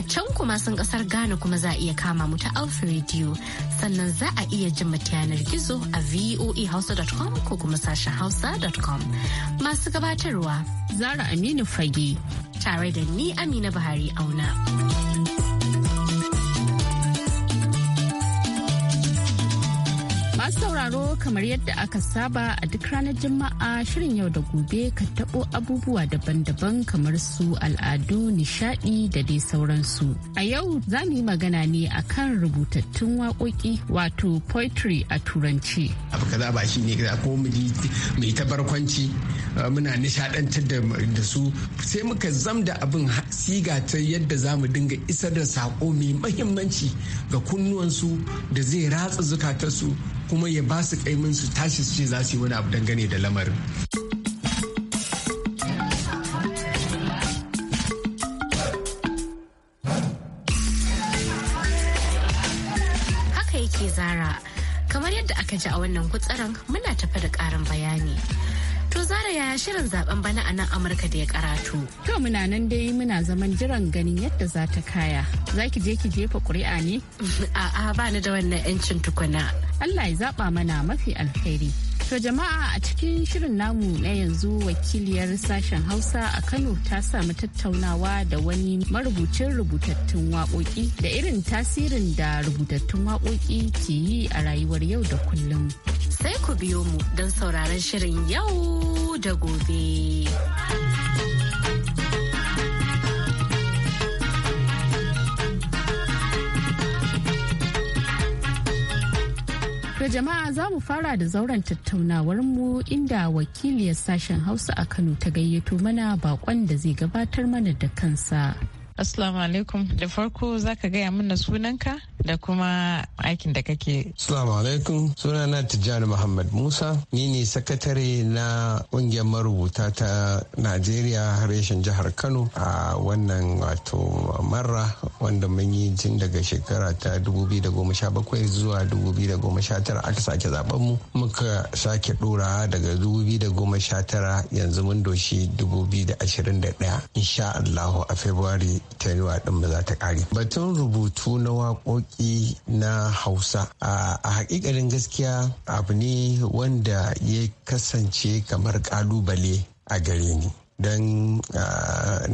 a can kuma sun kasar Ghana kuma za a iya kama mu ta Alpha Radio sannan za a iya jin mata yanar gizo a voehausa.com ko kuma sashen hausa.com masu gabatarwa Zara Aminu Fage tare da ni Amina Buhari Auna. Masu sauraro kamar yadda aka saba a duk ranar Juma'a shirin yau da gobe ka taɓo abubuwa daban-daban kamar su al'adu, nishaɗi da dai sauransu. A yau za mu yi magana ne a kan rubutattun waƙoƙi wato poetry a turanci. Abu kaza ba shi ne ko mai ta barkwanci uh, muna nishaɗantar da su sai muka zam da abin siga ta yadda za mu dinga isar da saƙo mai mahimmanci ga kunnuwansu da zai ratsa zukatarsu kuma ya ba su kaimin su tashi su ce za su yi wani abu dangane da lamarin haka yake zara kamar yadda aka ji a wannan kutsaran muna tafa da ƙarin bayani To zara yaya shirin zaben bana a nan Amurka da ya karatu. To muna nan dai muna zaman jiran ganin yadda za ta kaya. Za ki je ki jefa ƙuri'a ne? A'a ba ni da wannan 'yancin tukuna. Allah ya zaba mana mafi alheri. To jama'a a cikin shirin namu na yanzu wakiliyar sashen Hausa a Kano ta samu tattaunawa da wani marubucin rubutattun waƙoƙi da irin tasirin da rubutattun waƙoƙi ke yi a rayuwar yau da kullum. Sai ku biyo mu don sauraron shirin yau da gobe. Da jama'a za mu fara da zauren tattaunawar mu inda wakiliyar sashen Hausa a Kano ta gayyato mana bakon da zai gabatar mana da kansa. Assalamu alaikum da farko za ka gaya mana sunanka da kuma aikin da kake. Assalamu alaikum sunana Tijjani Muhammad Musa ni ne sakatare na ƙungiyar marubuta ta Najeriya reshen jihar Kano a wannan wato marra wanda mun yi jin daga shekara ta 2017 zuwa 2019 aka sake zaben mu muka sake dora daga 2019 yanzu mun doshi 2021 insha Allahu a February tarewa din ba za ta kare batun rubutu na waƙoƙi na hausa a haƙiƙarin gaskiya abu ne wanda ya kasance kamar kalubale a gare ni don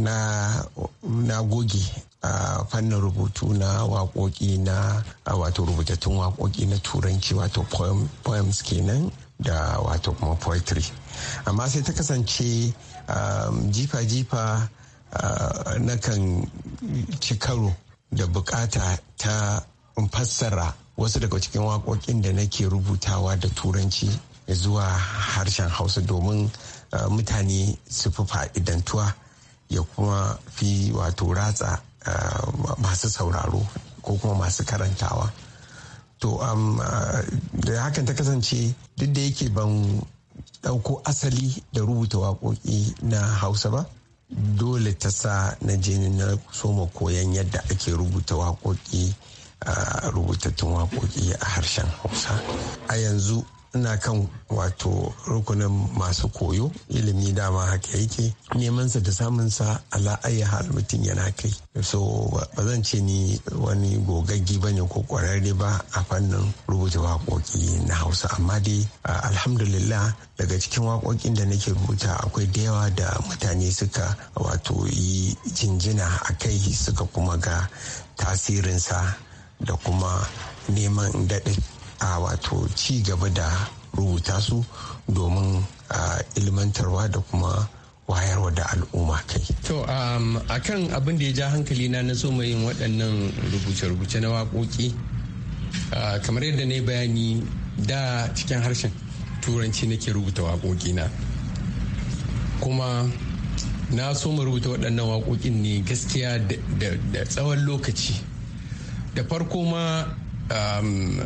na goge a fannin rubutu na waƙoƙi na wato rubutattun waƙoƙi na turanci wato poems kenan da wato kuma poetry amma sai ta kasance jifa-jifa Ah, nakan ci karo da bukata ta fassara wasu daga cikin waƙoƙin da nake rubutawa da turanci zuwa harshen hausa domin ah, mutane su fi fa'idantuwa ya kuma fi wato ratsa ah, masu sauraro ko kuma masu karantawa to da hakan ta kasance duk da yake ban ɗauko asali da rubuta waƙoƙi na hausa ba dole ta sa na je na soma koyan yadda ake rubuta waƙoƙi a rubutattun waƙoƙi a harshen hausa a yanzu ina kan wato rukunin masu koyo ilimi dama haka yake neman sa da samun sa ala ayi hal mutum yana kai so ba zan ce ni wani gogaggi bane ko kwararre ba a fannin rubuta waƙoƙi na hausa amma dai alhamdulillah daga cikin waƙoƙin da nake rubuta akwai da yawa da mutane suka wato yi jinjina a kai suka kuma ga tasirinsa da kuma neman daɗe a wato ci gaba da rubuta su domin ilmantarwa da kuma wayarwa da al'umma kai. To um, a kan abin da ya ja hankali na na so yin waɗannan rubuce-rubuce na waƙoƙi kamar yadda na yi bayani da cikin harshen turanci nake rubuta waƙoƙi na kuma na so mu rubuta waɗannan waƙoƙin ne gaskiya da tsawon lokaci da farko ma um,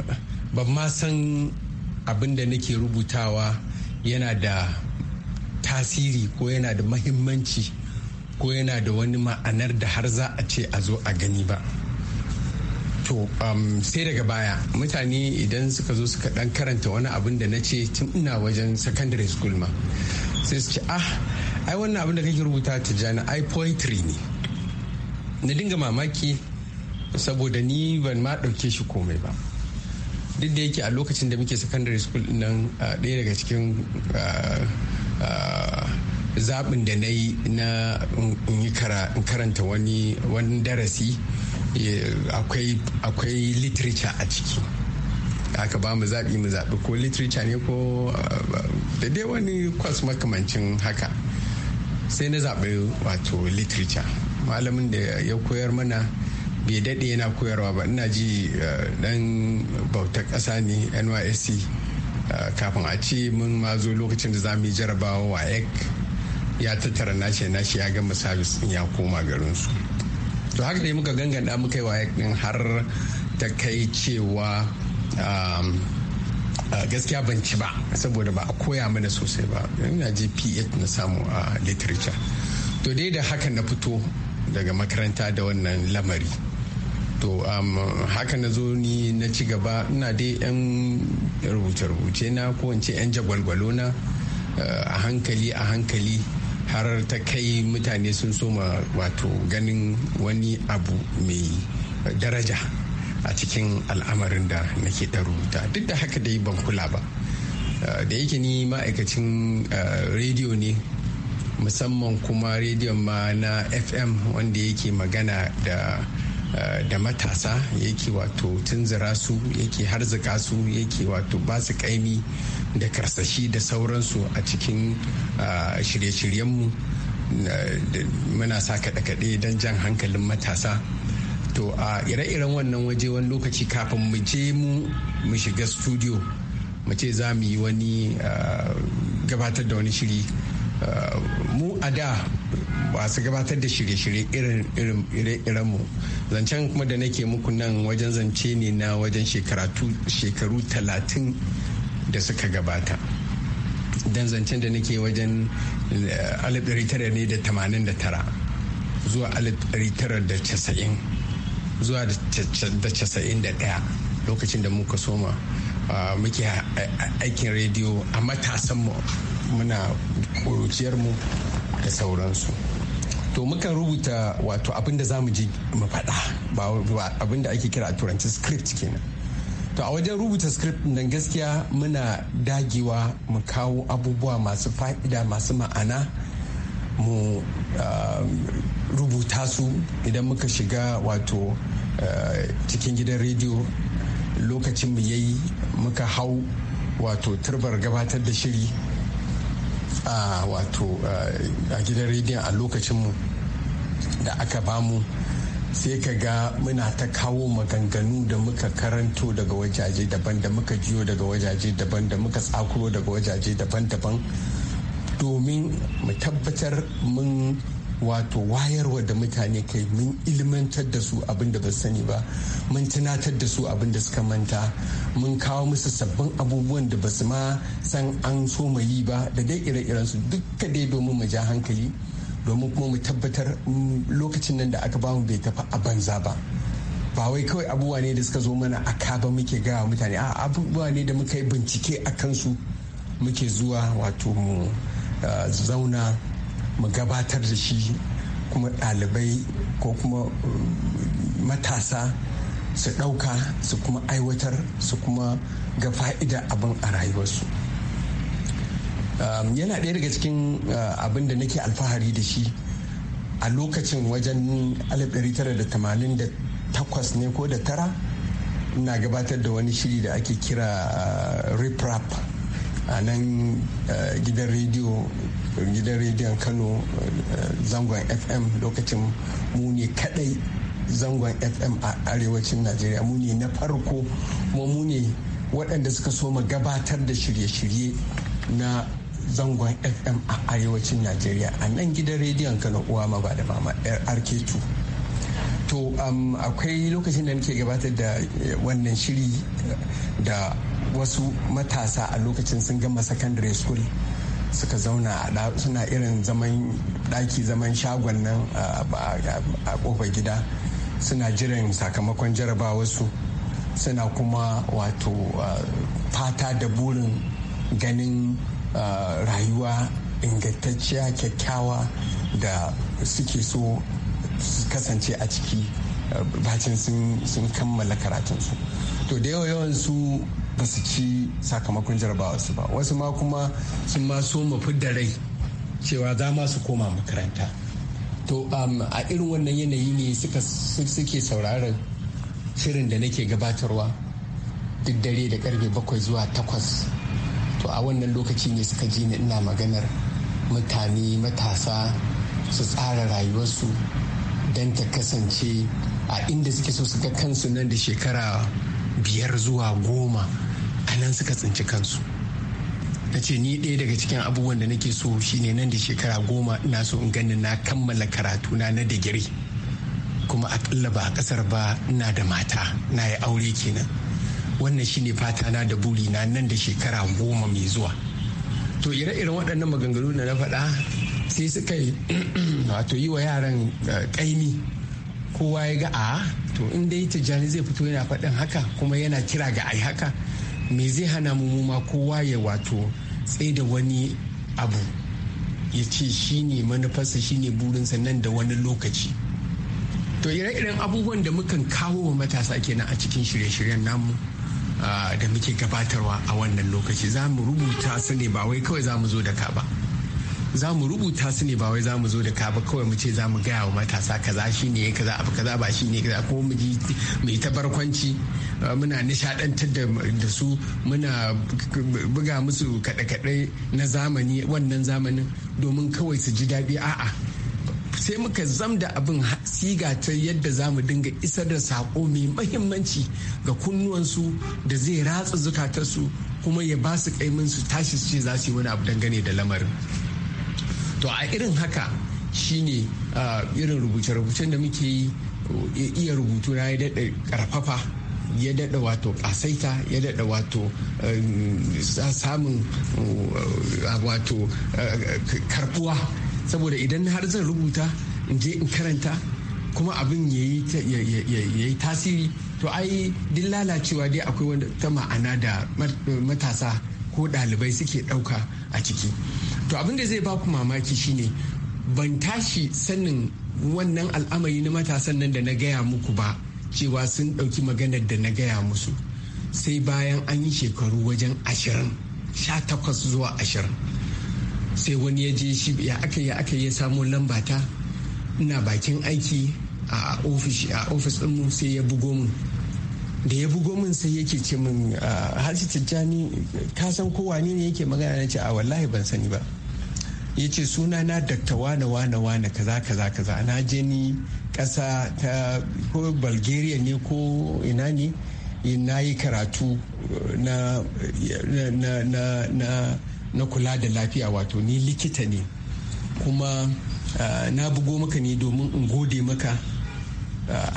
ban ma san abin da nake rubutawa yana da tasiri ko yana da mahimmanci ko yana da wani ma'anar da har za a ce a zo a gani ba to um, sai daga baya mutane idan suka zo suka dan karanta wani abin da na ce tun ina wajen secondary school ma sai su ce ah ai wannan abin da kake rubuta tijjani ai poetry ne na dinga mamaki saboda ni ban ma ɗauke shi komai ba duk da yake a lokacin da muke secondary school nan ɗaya daga cikin zaɓin da na yi na in karanta wani darasi e, akwai literature a ciki aka ba mu zaɓi mu zaɓi ko literature ne ko da dai wani kwas makamancin haka sai na zaɓi wato literature malamin da ya koyar mana bai daɗe yana koyarwa ba ina ji dan eh, bautar ƙasa ne nysc eh, kafin a ce mun ma zo lokacin da za mu yi jarabawa wa ec ya tattara nashi nashi ya gama sabis in ya koma garin su to haka ne muka ganganta muka yi wa ec har ta kai cewa um, eh, gaskiya ban ci ba saboda ba a koya mana sosai ba ina ji p na samu a literature to dai da haka na fito daga makaranta da wannan lamari to um, haka na zo ni na ci gaba ina dai yan rubuce-rubuce na ko yan jagwalgwalo eh, a hankali a hankali har ta kai mutane sun soma wato ganin wani abu mai daraja a cikin al'amarin da nake ta rubuta duk da haka dai ban kula ba eh, da yake ni ma'aikacin eh, rediyo ne musamman kuma rediyon ma na fm wanda yake magana da Eh, da matasa yake wato tunzura su yake harzika su yake wato ba su kaimi da karsashi da sauransu a cikin eh, shirye-shiryenmu eh, muna sa kaɗe-kaɗe don jan hankalin matasa to a ire-iren wannan waje wani lokaci kafin mu je mu shiga studio mu ce za mu yi wani gabatar da wani shiri mu a da masu gabatar da shirye-shirye irin mu zancen kuma da nake muku nan wajen zance ne na wajen shekaru talatin da suka gabata don zancen da nake wajen eh, tara zuwa 1990 zuwa da casa'in da daya lokacin da muka soma ah, muke aikin rediyo a matasanmu muna ƙuruciyarmu da sauransu to mukan rubuta wato abin za mu ji mu faɗa ba abin da ake kira a turanci script kenan to a wajen rubuta script nan gaskiya muna dagewa mu kawo abubuwa masu fa'ida masu ma'ana mu um, rubuta su idan muka shiga wato uh, cikin gidan rediyo lokacin mu yayi muka hau wato turbar gabatar da shiri a wato a gidan rediyon a lokacinmu da aka bamu sai ka ga muna ta kawo maganganu da muka karanto daga wajaje daban da muka jiyo daga wajaje daban da muka tsakuro daga wajaje daban-daban domin mu tabbatar mun wato wayarwa da mutane kai mun ilmantar da su abin da ba sani ba mun tunatar da su abin da suka manta mun kawo musu sabbin abubuwan da basu su ma san an so mu yi ba da dai ire-iren su duka dai domin mu ja hankali domin kuma mu tabbatar lokacin nan da aka ba mu bai tafi a banza ba ba wai kawai abubuwa ne da suka zo mana a ba muke gaya mutane a abubuwa ne da muka yi bincike a kansu muke zuwa wato mu eh, zauna mu gabatar da shi kuma ɗalibai ko kuma uh, matasa su ɗauka su kuma aiwatar su kuma ga fa'ida abin a rayuwarsu um, yana ɗaya daga cikin uh, abin da nake alfahari da shi a lokacin wajen 1988 ne ko da tara ina gabatar da wani shiri da ake kira uh, riprap a nan gidan rediyo gidan rediyon kano zangon fm lokacin mu ne kadai zangon fm a arewacin najeriya mu na farko kuma mu waɗanda suka so mu gabatar da shirye-shirye na zangon fm a arewacin najeriya a nan gidan rediyon kano uwa ma ba da mama rk2 to um, akwai lokacin da nake gabatar da eh, wannan shiri da wasu matasa a lokacin sun gama secondary school suka zauna suna irin zaman daki zaman shagon nan a kofar gida suna jiran sakamakon jarabawarsu suna kuma wato fata da burin ganin rayuwa ingantacciya kyakkyawa da suke so su kasance a ciki bacin sun kammala karatunsu to da yawa yawan su ba su ci sakamakon jarabawa su ba wasu ma kuma sun ma so mafi da rai cewa za ma su koma makaranta to um, a irin wannan yanayi ne suke sauraron shirin da nake gabatarwa duk dare da karfe bakwai zuwa takwas to a wannan lokaci ne suka ji ni ina maganar mutane matasa su tsara rayuwarsu don ta kasance a inda suke so su ga kansu nan da shekara biyar zuwa goma a suka tsinci kansu na ce ni ɗaya daga cikin abubuwan da nake so shine nan da shekara goma ina so in gani na kammala karatu na na digiri kuma aƙalla ba a ƙasar ba ina da mata na yi aure kenan wannan shine fata na da buri na nan da shekara goma mai zuwa to ire-iren waɗannan maganganu da na faɗa sai suka yi wato yi wa yaran eh, ƙaimi kowa ya ga a to in dai tijjani zai fito yana faɗin haka kuma yana kira ga ai haka me zai hana mu ma kowa ya wato tsaye da wani abu ya ce shi ne manufarsa shi ne burinsa nan da wani lokaci to ire-iren abubuwan da mukan kawo wa matasa kenan a cikin shirye-shiryen namu ah, da muke gabatarwa a wannan lokaci za mu rubuta su ne ba wai kawai za mu zo da ka ba za mu rubuta su ne ba wai za mu zo da ka ba kawai mu ce za mu gaya wa matasa kaza shi ne kaza abu kaza ba shi ne kaza ko mu ji mai ta barkwanci eh, muna nishadantar da su muna buga musu kaɗe-kaɗe na zamani wannan zamanin domin kawai su ji daɗi a'a sai muka zam da abin siga ta yadda za mu dinga isar da saƙo mai mahimmanci ga kunnuwansu da zai ratsa zukatarsu kuma ya ba su kaimin su tashi su ce za su yi wani abu dangane da lamarin to a irin haka shine irin rubuce-rubucen da muke yi iya rubutu na ya daɗa ƙarfafa ya daɗa wato ƙasaita ya daɗa wato um, samun uh, wato uh, karkuwa saboda idan har zan rubuta in je in karanta kuma abin ya yi tasiri to ai duk lalacewa dai akwai wanda ta ma'ana da matasa ko ɗalibai suke ɗauka a ciki to abin da zai baku mamaki shine ban tashi sanin wannan al'amari na matasan nan da na gaya muku ba cewa sun ɗauki maganar da na gaya musu sai bayan an yi shekaru wajen ashirin sha takwas zuwa ashirin sai wani ya je shi ya aka ya aka ya samun lambata ina bakin aiki a ofis a ofis ɗinmu sai ya bugo mun da ya bugo min sai yake ce min ah, harshe tijjani ka san kowa ne yake magana na ce a ah, wallahi ban sani ba ya ce suna na dakta wane wane wane kaza kaza kaza na je ni kasa ta ko bulgaria ne ko ina ne na yi karatu na, kula da lafiya wato ni likita ne kuma na bugo maka ne domin in gode maka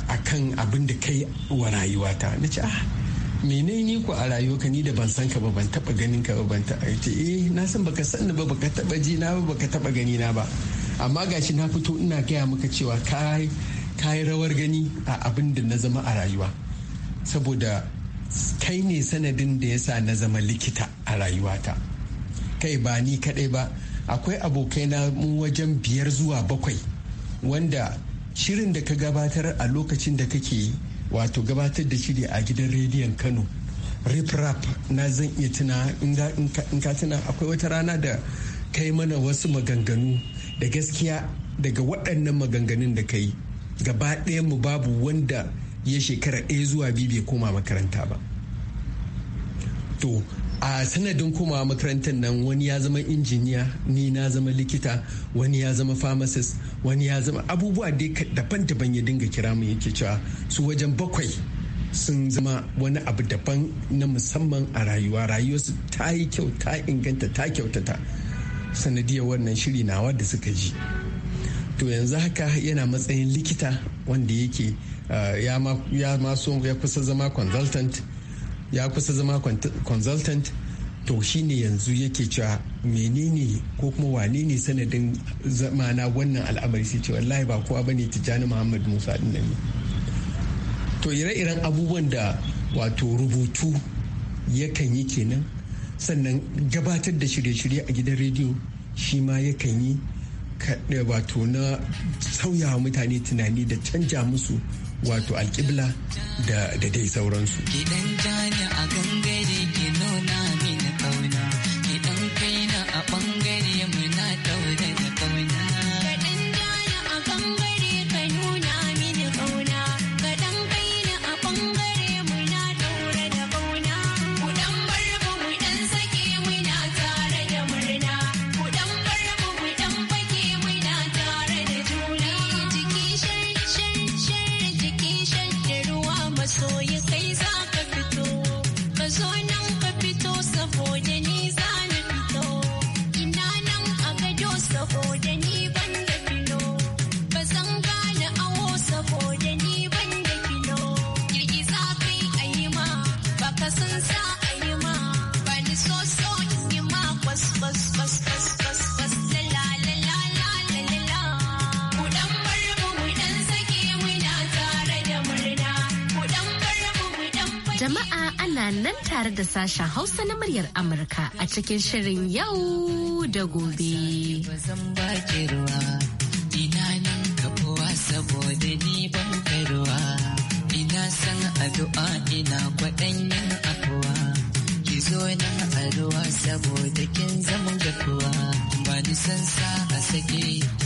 akan abin da kai wa rayuwata na ce ah menene ni ku a ka ni da ban san ka ba ban taba ganin ka ba ban taba ita eh na san baka san ba baka taba ji na ba baka taba gani na ba amma gashi na fito ina gaya maka cewa kai kai rawar gani a abin da na zama a rayuwa saboda kai ne sanadin da ya sa na zama likita a rayuwata kai ba ni kadai ba akwai abokai na mu wajen biyar zuwa bakwai wanda shirin da ka gabatar a lokacin da kake wato gabatar da shiri a gidan rediyon kano riprap na zan iya tuna in ka tuna akwai wata rana da kai mana wasu maganganu da gaskiya daga waɗannan maganganun da ka gaba mu babu wanda ya shekara ɗaya zuwa biyu bai koma makaranta ba to a sanadin kuma makarantar nan wani ya zama injiniya ni na zama likita wani ya zama pharmacist wani ya zama abubuwa dai daban-daban ya dinga kira mu yake cewa su wajen bakwai sun zama wani abu daban na musamman a rayuwa rayuwarsu ta yi kyau ta inganta ta kyautata sanadiyar wannan shiri nawa da suka ji to yanzu haka yana matsayin likita wanda yake ah, ya maso ya kusa zama consultant ya kusa zama consultant to shi ne yanzu yake cewa menene ko kuma wane ne sanadin zamana wannan al'amari sai ce wallahi ba kowa bane tijjani muhammad musa din nan to ire-iren abubuwan da wato rubutu yakan yi kenan sannan gabatar da shirye-shirye a gidan rediyo shi ma yakan yi wato na sauya mutane tunani da canja musu wato alƙibla da dai sauransu. Gidan jani a gangare ki nuna mini jama'a ana nan tare da sashen hausa na muryar amurka a cikin shirin yau da gobe saboda ni ban karuwa ina san addu'a ina kwaɗanyen afuwa ki zo nan a ruwa saboda kin zama gafuwa ba ni san sa a sake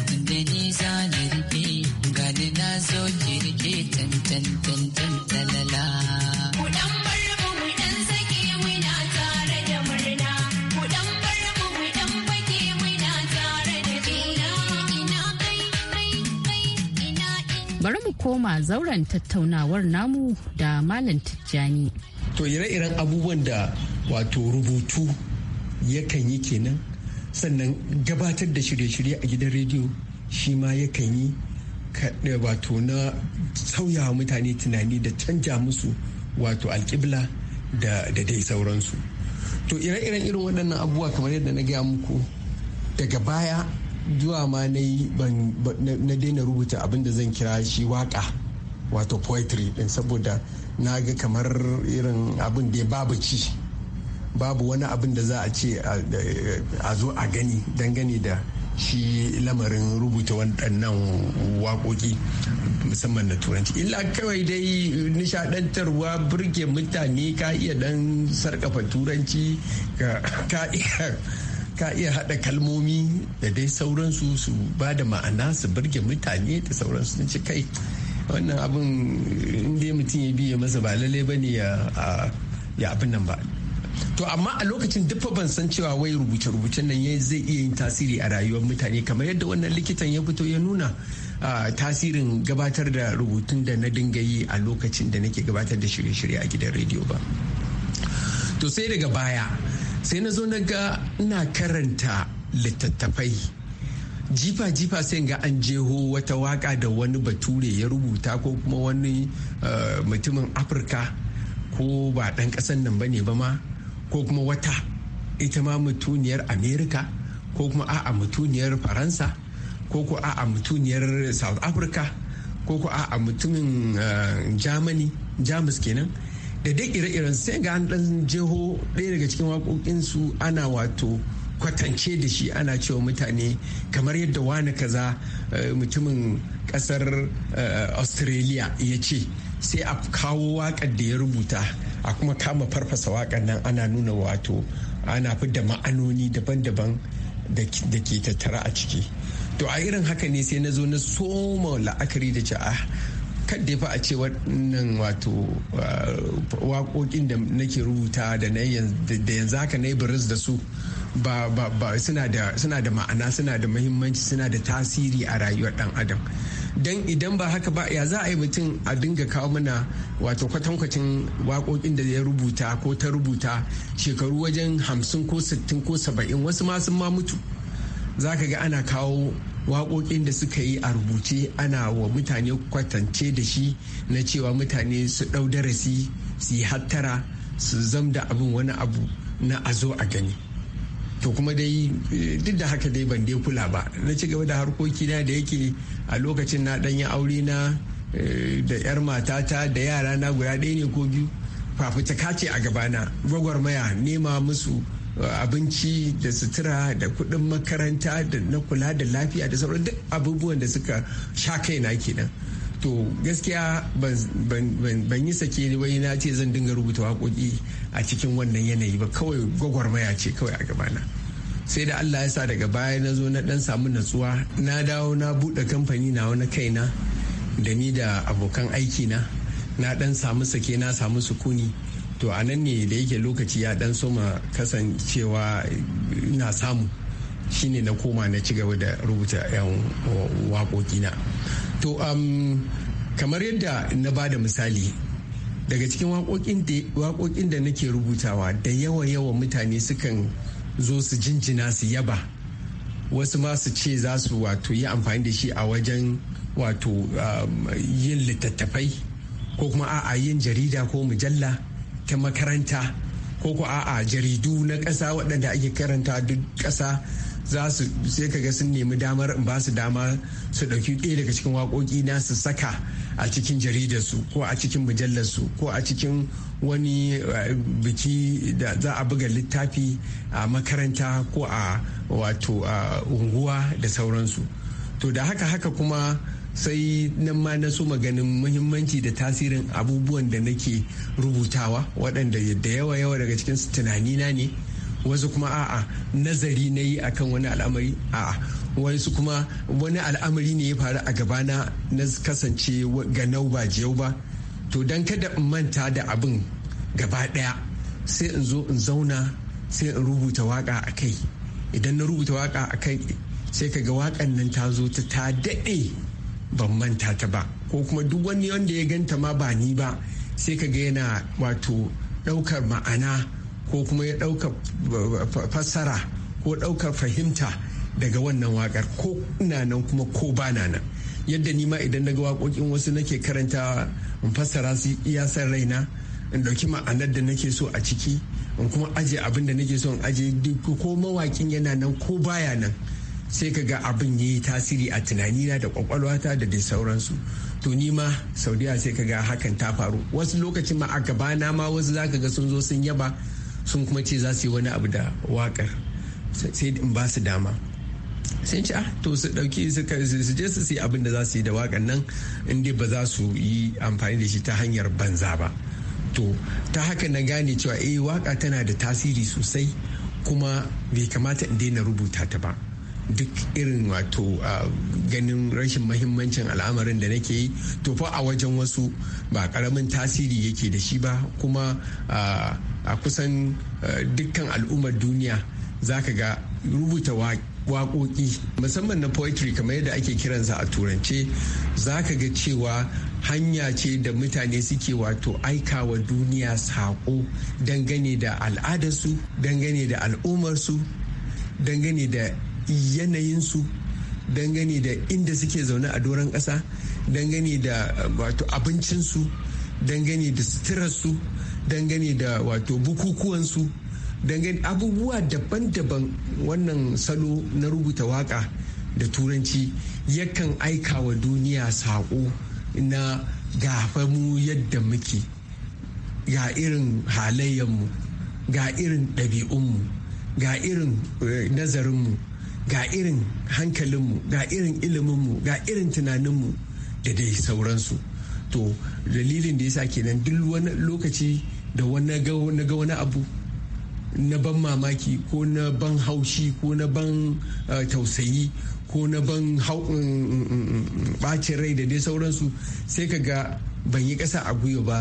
tunda ni za na rike gani na zo ki rike tantan tantan talala bari mu koma zauren tattaunawar namu da malam tijjani to ire-iren abubuwan da wato rubutu yakan yi kenan sannan gabatar da shirye-shirye a gidan rediyo shi ma yakan yi wato na sauya mutane tunani da canja musu wato alƙibla da dai sauransu to ire-iren irin waɗannan abubuwa kamar yadda na gaya muku daga baya zuwa ma na yi na daina rubuta abin da zan kira shi waka wato poetry din saboda na ga kamar irin abin da ya babu ci babu wani abin da za a ce a zo a gani dangane da shi lamarin rubuta waɗannan waƙoƙi musamman na turanci illa kawai dai nishadantarwa burge mutane ka iya dan sarkafa turanci ka iya ka iya haɗa kalmomi da dai sauransu su ba da ma'ana su burge mutane da sauransu sun ci kai wannan abin inda mutum ya biya masa ba lalle ba ne ya abin nan ba to amma a lokacin duk ban san cewa wai rubuce-rubucen nan zai iya yin tasiri a rayuwar mutane kamar yadda wannan likitan ya fito ya nuna tasirin gabatar da rubutun da na dinga yi a lokacin da nake gabatar da shirye-shirye a gidan rediyo ba to sai daga baya sai na zo na ga ina karanta littattafai jifa-jifa sai ga an jeho wata waka da wani bature ya rubuta ko kuma wani eh, mutumin afirka ko ba ɗan ƙasan nan ba ne ba ma ko kuma wata ita ma mutuniyar amerika ko kuma a'a mutuniyar faransa ko ko a'a mutuniyar south africa ko ko a'a mutumin eh, germany jamus kenan da duk ire-iren sai ga an dan jeho ɗaya daga cikin waƙoƙinsu ana wato kwatance da shi ana cewa mutane kamar yadda wani kaza eh, mutumin ƙasar eh, australia ya ce sai a kawo waƙar da ya rubuta a kuma kama farfasa waƙar nan ana nuna wato ana fi da ma'anoni daban-daban da ke tattara a ciki to a irin haka ne sai na zo na soma la'akari da ja'a. kadda fa a ce wannan wato uh, waƙoƙin da nake rubuta da yanzu haka na yi da su ba ba suna da ma'ana suna da muhimmanci suna da tasiri a rayuwar ɗan adam dan idan ba haka ba ya za a yi mutum a dinga kawo mana wato kwatankwacin waƙoƙin da ya rubuta ko ta rubuta shekaru wajen hamsin ko sittin ko saba'in wasu ma sun ma mutu za ka ga ana kawo waƙoƙin da suka yi a rubuce ana wa mutane kwatance da shi na cewa mutane su ɗau darasi su yi hattara su zamda abin wani abu na a zo a gani to kuma dai eh, duk da haka dai ban dai kula ba na ci gaba da harkokina da yake a lokacin na ɗanyi aure na eh, da 'yar matata da yara na guda ɗaya ne ko biyu fafita kace a gabana gwagwarmaya nema musu abinci da sutura da kuɗin makaranta da na kula da lafiya da sauran duk abubuwan da suka sha kaina kenan to gaskiya ban yi sake wai na ce zan dinga rubuta waƙoƙi a cikin wannan yanayi ba kawai gwagwarmaya ce kawai a gabana sai da allah ya sa daga baya na zo na dan samu natsuwa na dawo na buɗe kamfani na wani kaina da ni da abokan aiki na na dan samu sake na samu sukuni to a nan ne da yake lokaci ya dan soma kasancewa na samu shine na koma na ci gaba da rubuta 'yan waƙoƙina to um, kamar yadda na ba da misali daga cikin waƙoƙin da nake rubutawa da yawa-yawa mutane sukan zo su jinjina su yaba wasu ma su ce za su wato yi amfani da shi a wajen wato um, yin littattafai ko kuma a yin jarida ko mujalla ta makaranta ko ko a'a jaridu na ƙasa waɗanda ake karanta duk ƙasa za su sai kaga sun nemi damar in ba su dama su ɗauki ɗaya daga cikin waƙoƙi na su saka a cikin jaridarsu ko a cikin mujallarsu ko a cikin wani eh, biki da za a buga littafi a makaranta ko a wato a unguwa da sauransu to da haka haka kuma sai nan ma na so maganin muhimmanci da tasirin abubuwan da nake rubutawa waɗanda da yawa yawa daga cikin tunanina ne wasu kuma a'a nazari na yi akan wani al'amari a'a wasu kuma wani al'amari ne ya faru a gabana na kasance ga nau ba jiyau ba to don kada in manta da abin gaba ɗaya sai in zo in zauna sai in rubuta waka a kai idan na rubuta waka a kai sai ga wakan nan ta zo ta daɗe ban manta ta ba ko kuma duk wani wanda ya ganta ma ba ni ba sai ka ga yana wato ɗaukar ma'ana ko kuma ya ɗaukar eh, fassara ko ɗaukar fahimta daga wannan wakar ko ina nan kuma ko ba na nan yadda ni ma idan daga waƙoƙin wasu nake karanta in fassara su iya san raina in ɗauki ma'anar da nake so a ciki in kuma aje abin da nake so in aje ko mawaƙin yana nan ko baya nan sai ka ga abin ya yi tasiri a tunanina da kwakwalwata da dai sauransu to ni ma saudiya sai ka ga hakan ta faru wasu lokacin ma a gabana ma wasu za ka ga sun zo sun yaba sun kuma ce za su yi wani abu da wakar sai in ba su dama sun ci ah, to su dauki su je su yi abin da za su yi da wakan nan in dai ba za su yi amfani da shi ta hanyar banza ba to ta haka na gane cewa eh waka tana da tasiri sosai kuma bai kamata in daina rubuta ta ba duk irin wato ganin rashin mahimmancin al'amarin da nake yi to fa a wajen wasu ba karamin tasiri yake da shi ba kuma a kusan dukkan al'ummar duniya za ka ga rubuta waƙoƙi musamman na poetry kamar yadda ake kiransa a turance za ka ga cewa hanya ce da mutane suke wato aikawa duniya saƙo dangane da al'adarsu dangane da al'ummarsu dangane da yanayinsu dangane da inda suke zaune a doron ƙasa dangane da wato abincinsu dangane da suturarsu dangane da wato bukukuwansu dangane abubuwa daban-daban wannan salo na rubuta waka da turanci yakan aika wa duniya saƙo na gafa mu yadda muke ga irin halayenmu ga irin ɗabi'unmu ga irin eh, nazarinmu ga irin hankalinmu ga irin iliminmu ga irin tunaninmu da dai sauransu to dalilin da yasa kenan duk wani lokaci da wani ga wani abu na ban mamaki ko na ban haushi ko na ban eh, tausayi ko na ban bacin mm, mm, mm, rai da dai sauransu sai ka ga ban yi ƙasa a gwiwa ba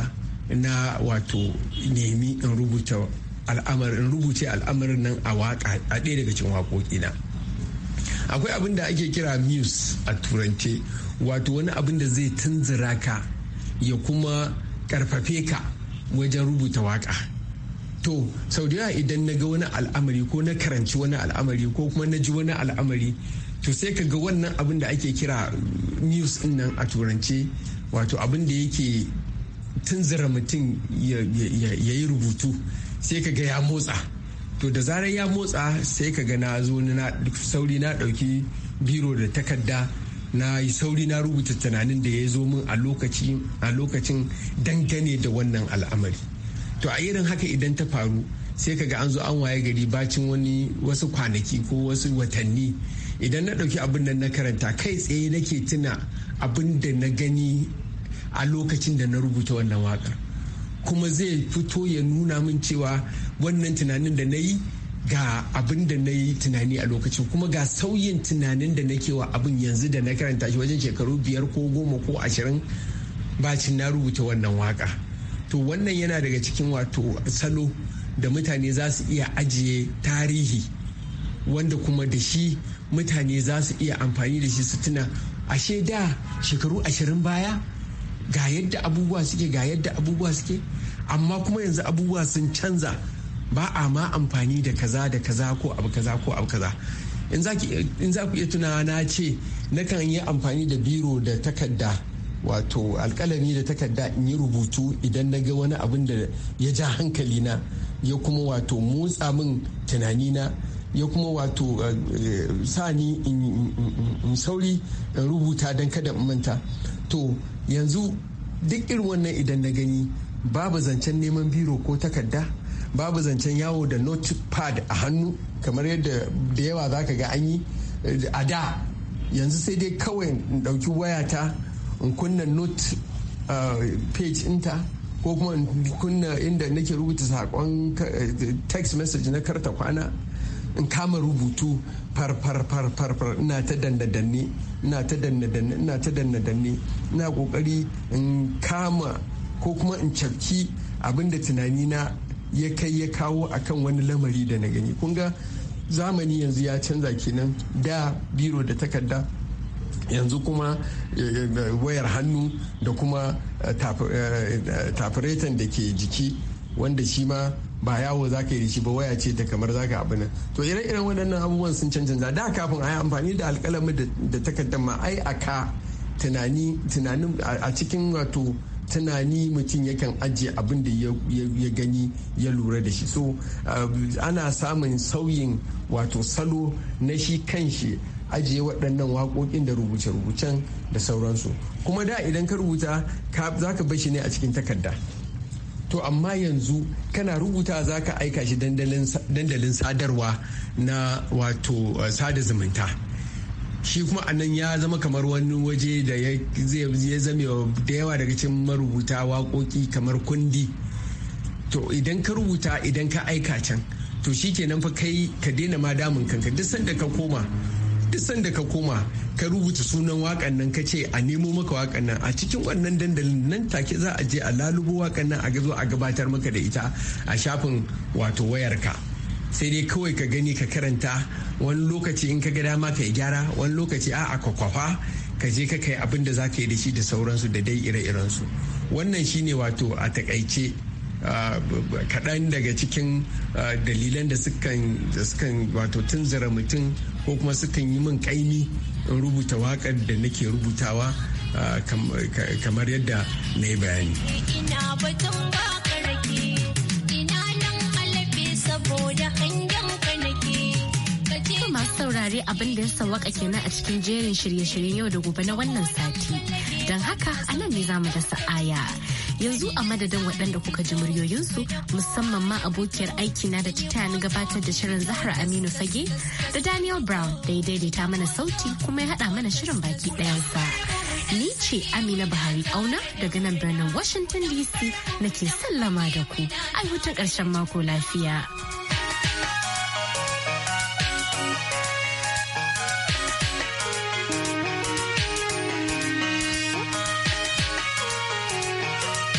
na wato nemi in rubuta al'amarin rubuce al'amarin nan a waka a ɗaya daga cikin waƙoƙi na akwai abin da ake kira muse a turance wato wani abin da zai tunzura ka ya kuma karfafe ka wajen rubuta waka to sau da idan na ga wani al'amari ko na karanci wani al'amari ko kuma na ji wani al'amari to sai ka ga wannan abin da ake kira muse din nan a turance wato abin da yake tunzura mutum ya yi rubutu sai ka ga ya motsa to da zarar ya motsa sai ka ga na zo na sauri na ɗauki biro da takarda na yi sauri na rubuta tunanin da ya zo min a lokacin dangane da wannan al'amari to a irin haka idan ta faru sai ka ga an zo an waye gari bacin wani wasu kwanaki ko wasu watanni idan na ɗauki abin nan na karanta kai tsaye nake tuna abin da na gani a lokacin da na rubuta wannan waƙar kuma zai fito ya nuna min cewa wannan tunanin da na yi ga abin da na yi tunani a lokacin kuma ga sauyin tunanin da nake wa abin yanzu da na karanta shi wajen shekaru biyar ko goma ko ashirin bacin na rubuta wannan waka to wannan yana daga cikin wato salo da mutane za su iya ajiye tarihi wanda kuma da shi mutane za su iya amfani da shi su tuna ashe da shekaru ashirin baya ga yadda abubuwa suke ga yadda abubuwa suke amma kuma yanzu abubuwa sun canza ba a ma amfani da kaza da kaza ko abu kaza ko abu kaza in za ku iya tunawa na ce nakan yi amfani da biro da takarda wato alkalami da takarda in yi rubutu idan na ga wani abin da ya ja hankali na ya kuma wato motsa min tunanina na ya kuma wato eh, eh, sani in sauri in rubuta don kada in manta to yanzu duk irin wannan idan na gani babu zancen neman biro ko takarda babu zancen yawo da notepad a hannu kamar yadda da yawa za ka ga an yi eh, a da yanzu sai dai kawai in ɗauki wayata in kunna note eh, page inta ko kuma in kunna inda nake rubuta saƙon eh, text message na karta kwana in kama rubutu far far far far far ina ta danna danne ina ta danna danne ina ta danna danne ina kokari in kama ko kuma in cafki abinda da tunani na ya kai ya kawo akan wani lamari da na gani kun ga zamani yanzu ya canza kenan da biro da takarda yanzu kuma eh, eh, wayar hannu da kuma eh, tafiretan da ke jiki wanda shi ma ba yawo za ka yi shi ba waya ce ta kamar za ka abin to ire-iren waɗannan abubuwan sun canza da kafin a yi amfani da alƙalamin da takardar ma ai a ka tunani a cikin wato tunani mutum yakan ajiye abin da ya gani ya lura da shi so eh, ana samun sauyin wato salo na shi kan shi ajiye waɗannan waƙoƙin da rubuce-rubucen da sauransu kuma da idan ka rubuta za ka bashi ne a cikin takarda to amma yanzu kana rubuta za ka aika shi dandalin sadarwa na wato eh, sada zumunta shi kuma anan ya zama kamar wani waje da ya zame da yawa daga cikin marubuta waƙoƙi kamar kundi to idan ka rubuta idan ka aika can to shi kenan fa kai ka daina ma damun kanka duk sanda ka koma duk sanda ka koma ka rubuta sunan wakan nan ka ce a nemo maka wakan nan a cikin wannan dandalin nan take za a je a lalubo wakan nan a gazo a gabatar maka da ita a shafin wato wayarka sai dai kawai ka gani ka karanta wani lokaci in ka ga dama ka yi gyara wani lokaci a a kwakwafa ka je ka kai abin da za ka yi da shi da sauransu da dai ire-irensu wannan shine wato a takaice kaɗan daga cikin dalilan da sukan wato tunzura mutum ko kuma sukan yi min kaimi in rubuta wakar da nake rubutawa kamar yadda na yi bayani saurare abin da ya sawaka kenan a cikin jerin shirye-shiryen yau da gobe na wannan sati don haka anan ne za mu dasa aya yanzu a madadin waɗanda kuka ji muryoyinsu musamman ma abokiyar aiki na da titani gabatar da shirin zahra aminu fage da daniel brown da ya daidaita mana sauti kuma ya haɗa mana shirin baki ɗayansa ni ce amina buhari auna daga nan birnin washington dc nake sallama da ku ai hutun ƙarshen mako lafiya.